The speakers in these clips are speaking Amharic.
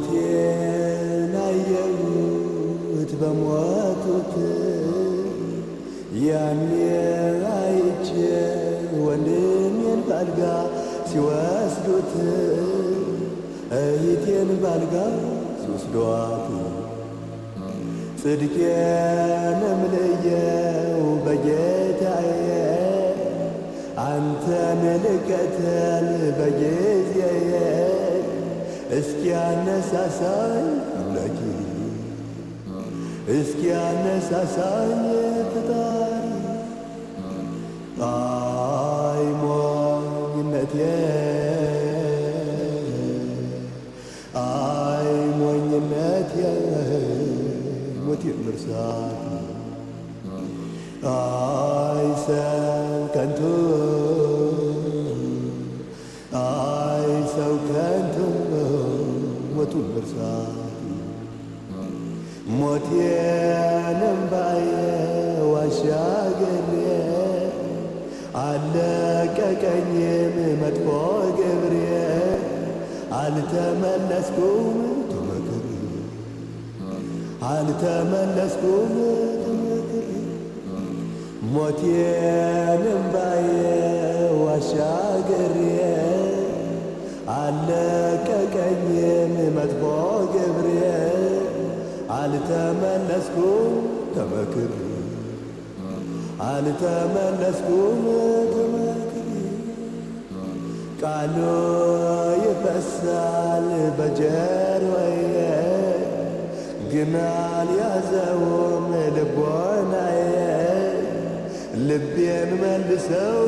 ሞቴን አየሁት በሞቱት ያኔ አይቼ ወንድሜን ባልጋ ሲወስዱት እህቴን ባልጋ ሲወስዷት ጽድቄንም ለየው በጌታዬ አንተን ልከተል በጊዜዬ እስኪ ያነሳሳኝ አምላኬ እስኪ ያነሳሳኝ ፍጣሪ አይ ሞኝነቴ አይ ሞኝነቴ ሞቴን መርሳት አይ ሰን ከንቱ አልተገኘም መጥፎ ግብሬ አልተመለስኩም ትመክሪ አልተመለስኩም ትመክሪ ሞቴን እምባዬ ዋሻገሬ አለቀቀኝም መጥፎ ገብርኤል አልተመለስኩም ተመክሪ አልተመለስኩም ተመክሪ ቃሉ ይፈሳል በጀሮዬ ግና አልያዘውም ልቦናዬ ልቤን መልሰው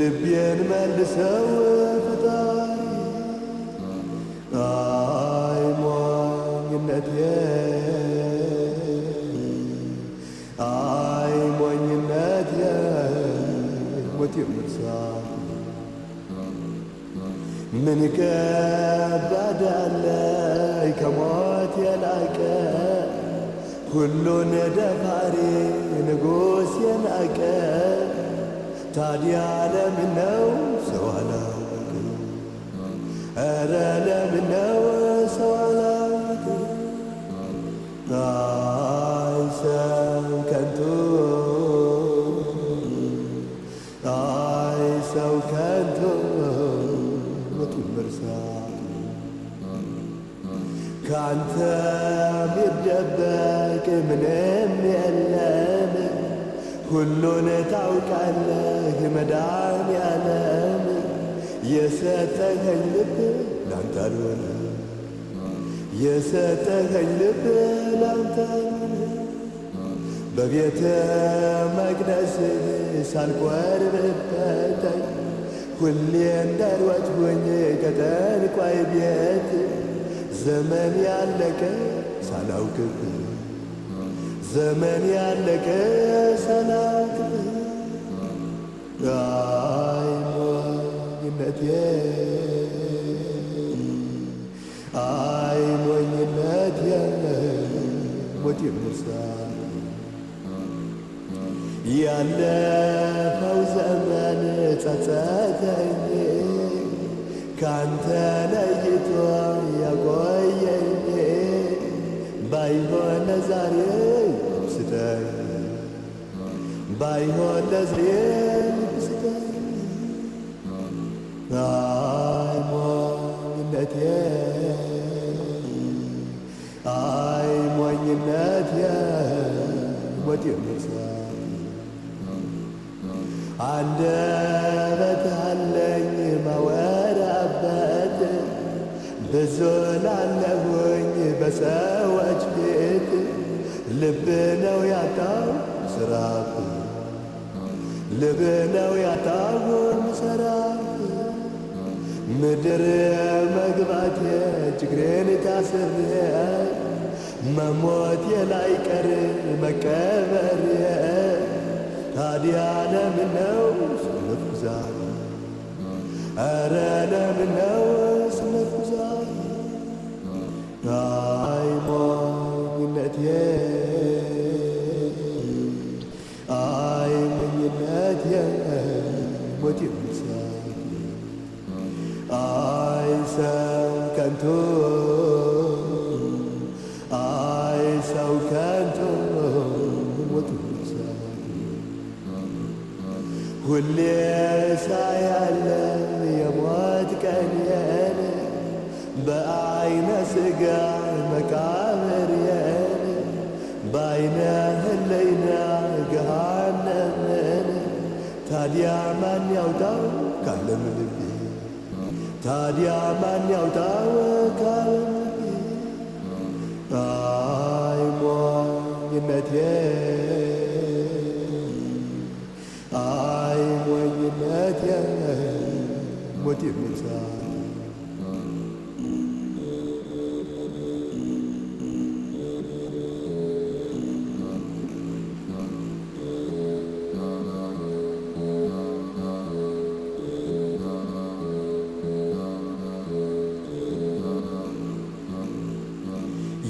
ልቤን መልሰው من بعد عليك موت يلعك كلنا دفاري نقوس يلعك تعدي على منه سوالك أرى لا ከአንተ ሚደበቅ ምንም የለም፣ ሁሉን ታውቃለህ መዳን ያለም የሰጠኸኝ ልብ ላንተ አልሆነ፣ የሰጠኸኝ ልብ ላንተ በቤተ መቅደስህ ሳልቆርብበት ሁሌ እንዳሯጭ ሆኜ ከተልቋይ ቤት ዘመን ያለቀ ሳላውቅብ ዘመን ያለቀ ሳላውቅብ አይ ሞኝነቴ አይ ሞኝነት ያለ ሞት የምርሳ ያለ የጸጸተኝ ካንተ ለይቶ ያቆየኝ ባይሆን ለዛሬ ስጠኝ ባይሆን ለዛሬ ስጠኝ አይሞኝነቴ አይሞኝነቴ አንደበት አለኝ ማወራበት ብዙ ላለሁኝ በሰዎች ቤት ልብ ነው ያጣው ስራፍ ልብ ነው ያጣው ስራፍ ምድር መግባት ችግሬን ታስር መሞት የላይቀር መቀበር ታዲያ ለምን ነው ስንፍዛል? ኧረ ለምን ነው ከንቱ ሁሌ ሳያለም የሞት ቀኔን በአይነ ስጋ መቃብር የኔ በአይነ ህሌና ገሃነምን ታዲያ ማን ያውጣው ካለም ታዲያ ማን ያውጣው ካለም አይ ሞኝነቴ حكمة النساء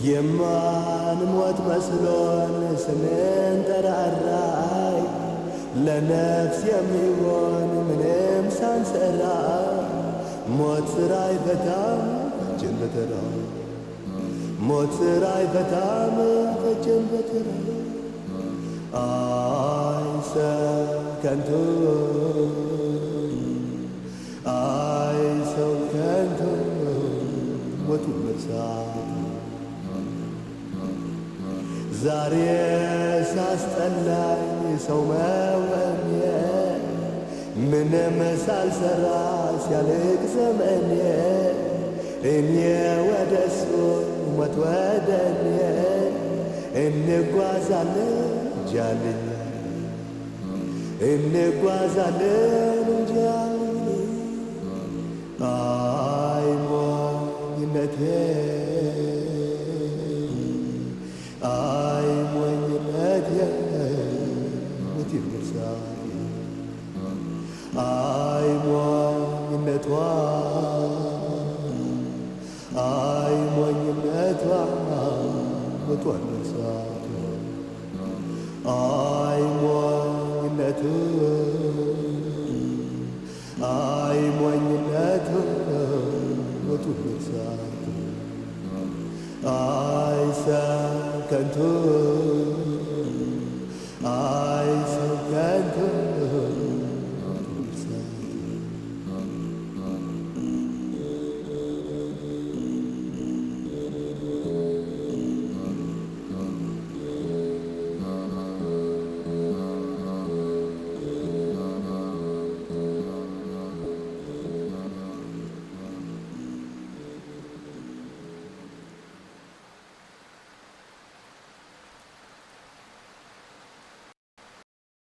የማንም ወት መስሎን ስምን ተራራ ለነፍስ የሚሆን ምንም ሳንሰራ ሞት ስራ አይፈታም በተራ ሞት ስራ አይፈታም በተራ አይ ሰው ከንቱ አይ ሰው ከንቱ ሞቱ መርሳት ዛሬ ሳስጠላኝ ሰው መወኔ ምንም መሳል ሰራ ሲያልቅ ዘመኔ እኔ ወደ እሱ ሞት ወደኔ እንጓዛለን እንጃልን እንጓዛለን እንጃልን አይ Tuhan Yesus